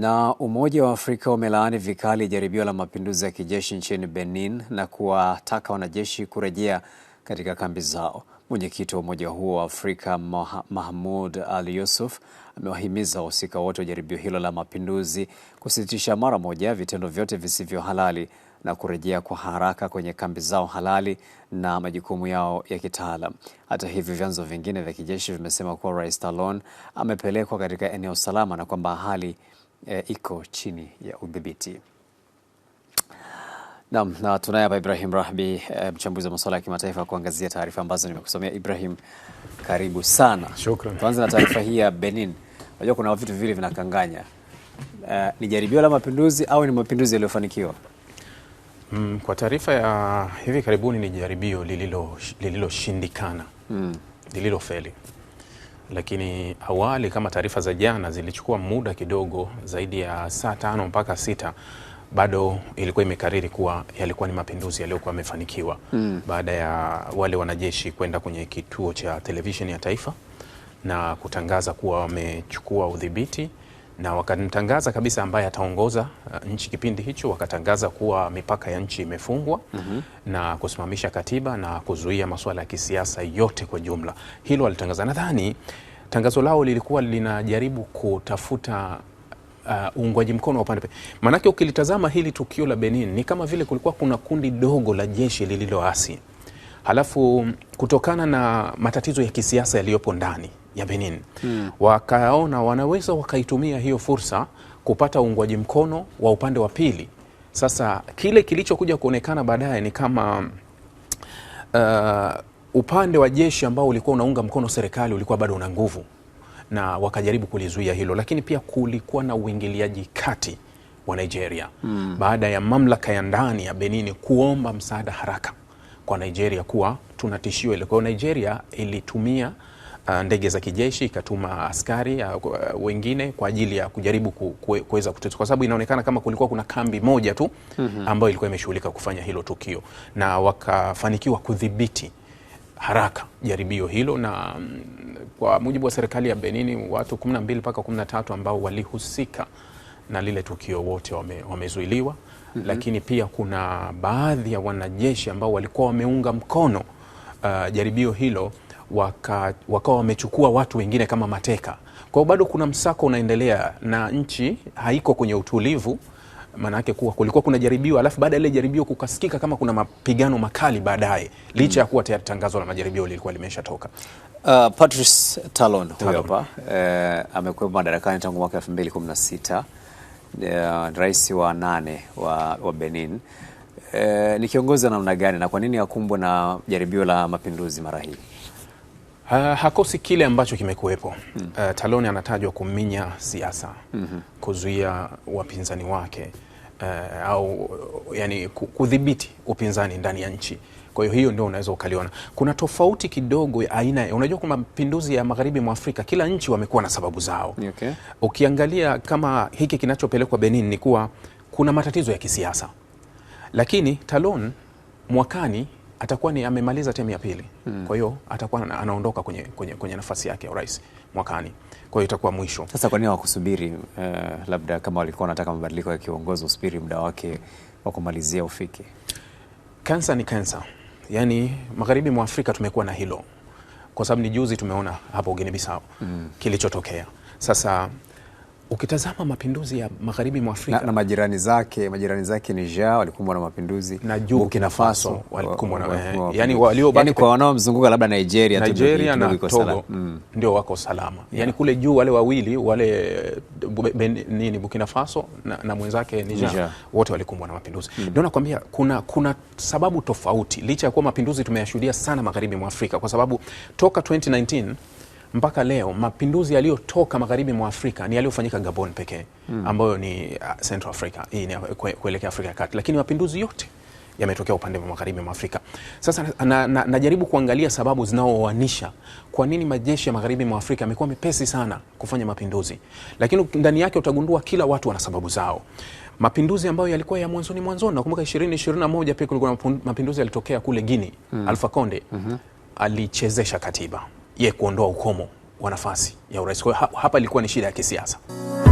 Na Umoja wa Afrika umelaani vikali jaribio la mapinduzi ya kijeshi nchini Benin na kuwataka wanajeshi kurejea katika kambi zao. Mwenyekiti wa umoja huo wa Afrika mahmud Ali Yusuf amewahimiza wahusika wote wa jaribio hilo la mapinduzi kusitisha mara moja vitendo vyote visivyo halali na kurejea kwa haraka kwenye kambi zao halali na majukumu yao ya kitaalam. Hata hivyo, vyanzo vingine vya kijeshi vimesema kuwa Rais Talon amepelekwa katika eneo salama na kwamba hali e, iko chini ya udhibiti. Naam, na tunaye hapa Ibrahim Rahbi e, eh, mchambuzi wa masuala ya kimataifa kuangazia taarifa ambazo nimekusomea. Ibrahim, karibu sana. Tuanze na taarifa hii ya Benin. Unajua kuna vitu viwili vinakanganya. e, ni jaribio la mapinduzi au ni mapinduzi yaliyofanikiwa? Mm, kwa taarifa ya hivi karibuni ni jaribio lililoshindikana, lililo mm, lililofeli lakini awali kama taarifa za jana zilichukua muda kidogo zaidi ya saa tano mpaka sita bado ilikuwa imekariri kuwa yalikuwa ni mapinduzi yaliyokuwa yamefanikiwa mm. Baada ya wale wanajeshi kwenda kwenye kituo cha televisheni ya taifa na kutangaza kuwa wamechukua udhibiti na wakamtangaza kabisa ambaye ataongoza uh, nchi kipindi hicho. Wakatangaza kuwa mipaka ya nchi imefungwa mm -hmm. na kusimamisha katiba na kuzuia masuala ya kisiasa yote kwa jumla. Hilo alitangaza, Nadhani tangazo lao lilikuwa linajaribu kutafuta uh, uungwaji uh, mkono wa pe, maanake ukilitazama hili tukio la Benin ni kama vile kulikuwa kuna kundi dogo la jeshi lililoasi, halafu kutokana na matatizo ya kisiasa yaliyopo ndani ya Benin hmm. Wakaona wanaweza wakaitumia hiyo fursa kupata uungwaji mkono wa upande wa pili. Sasa kile kilichokuja kuonekana baadaye ni kama uh, upande wa jeshi ambao ulikuwa unaunga mkono serikali ulikuwa bado una nguvu na wakajaribu kulizuia hilo, lakini pia kulikuwa na uingiliaji kati wa Nigeria hmm. baada ya mamlaka ya ndani ya Benin kuomba msaada haraka kwa Nigeria kuwa tuna tishio ile. Kwa hiyo Nigeria ilitumia Uh, ndege za kijeshi, ikatuma askari uh, uh, wengine kwa ajili ya kujaribu kuweza kutetea kwa sababu inaonekana kama kulikuwa kuna kambi moja tu mhm. ambayo ilikuwa imeshughulika kufanya hilo tukio, na wakafanikiwa kudhibiti haraka jaribio hilo na mm, kwa mujibu wa serikali ya Benini watu 12 mpaka 13 ambao walihusika na lile tukio wote wame, wamezuiliwa. mm -hmm. Lakini pia kuna baadhi ya wanajeshi ambao walikuwa wameunga mkono uh, jaribio hilo wakawa waka wamechukua watu wengine kama mateka. Kwa hiyo bado kuna msako unaendelea na nchi haiko kwenye utulivu, maanake kuwa kulikuwa kuna jaribio, alafu baada ya ile jaribio kukasikika kama kuna mapigano makali baadaye, licha ya kuwa tayari tangazo la majaribio lilikuwa limeshatoka. Uh, Patrice Talon huyo hapa eh, amekuwa madarakani tangu mwaka 2016 eh, rais wa nane wa, wa Benin eh, ni kiongozi wa namna gani na kwa nini akumbwa na jaribio la mapinduzi mara hii? Uh, hakosi kile ambacho kimekuwepo. mm. Uh, eh, Taloni anatajwa kuminya siasa mm -hmm. kuzuia wapinzani wake uh, au yani kudhibiti upinzani ndani ya nchi. Kwa hiyo hiyo ndio unaweza ukaliona kuna tofauti kidogo ya aina. Unajua, kwa mapinduzi ya magharibi mwa Afrika kila nchi wamekuwa na sababu zao. okay. Ukiangalia kama hiki kinachopelekwa Benin ni kuwa kuna matatizo ya kisiasa, lakini Talon mwakani atakuwa ni amemaliza temu ya pili mm. Kwa hiyo atakuwa anaondoka kwenye, kwenye, kwenye nafasi yake ya urais mwakani, kwa hiyo itakuwa mwisho. Sasa kwa nini hawakusubiri uh, labda kama walikuwa wanataka mabadiliko ya kiongozi, usubiri muda wake wa kumalizia ufike? Kansa ni kansa, yaani magharibi mwa Afrika tumekuwa na hilo, kwa sababu ni juzi tumeona hapo Guinea Bissau mm. kilichotokea sasa Ukitazama mapinduzi ya magharibi mwa Afrika na, na majirani zake majirani zake Niger walikumbwa na mapinduzi na Burkina Faso walikumbwa na yani, walio yani, kwa mzunguka labda Nigeria, Nigeria na Togo mm, ndio wako salama yani Kule juu wale wawili wale nini Burkina Faso na, na mwenzake Niger wote walikumbwa na mapinduzi mm. Ndio nakwambia kuna, kuna sababu tofauti licha ya kuwa mapinduzi tumeyashuhudia sana magharibi mwa Afrika kwa sababu toka 2019 mpaka leo mapinduzi yaliyotoka magharibi mwa Afrika ni yaliyofanyika Gabon pekee mm. ambayo ni uh, Central Africa hii ni kuelekea Afrika ya Kati, lakini mapinduzi yote yametokea upande wa magharibi mwa Afrika. Sasa najaribu na, na kuangalia sababu zinaooanisha kwa nini majeshi ya magharibi mwa Afrika yamekuwa mepesi sana kufanya mapinduzi, lakini ndani yake utagundua kila watu wana sababu zao. Mapinduzi ambayo yalikuwa ya mwanzoni mwanzoni, nakumbuka 2021 pia kulikuwa mapinduzi yalitokea kule Guinea mm. Alpha Conde mm -hmm. alichezesha katiba ye kuondoa ukomo wa nafasi ya urais. Kwa hiyo hapa ilikuwa ni shida ya kisiasa.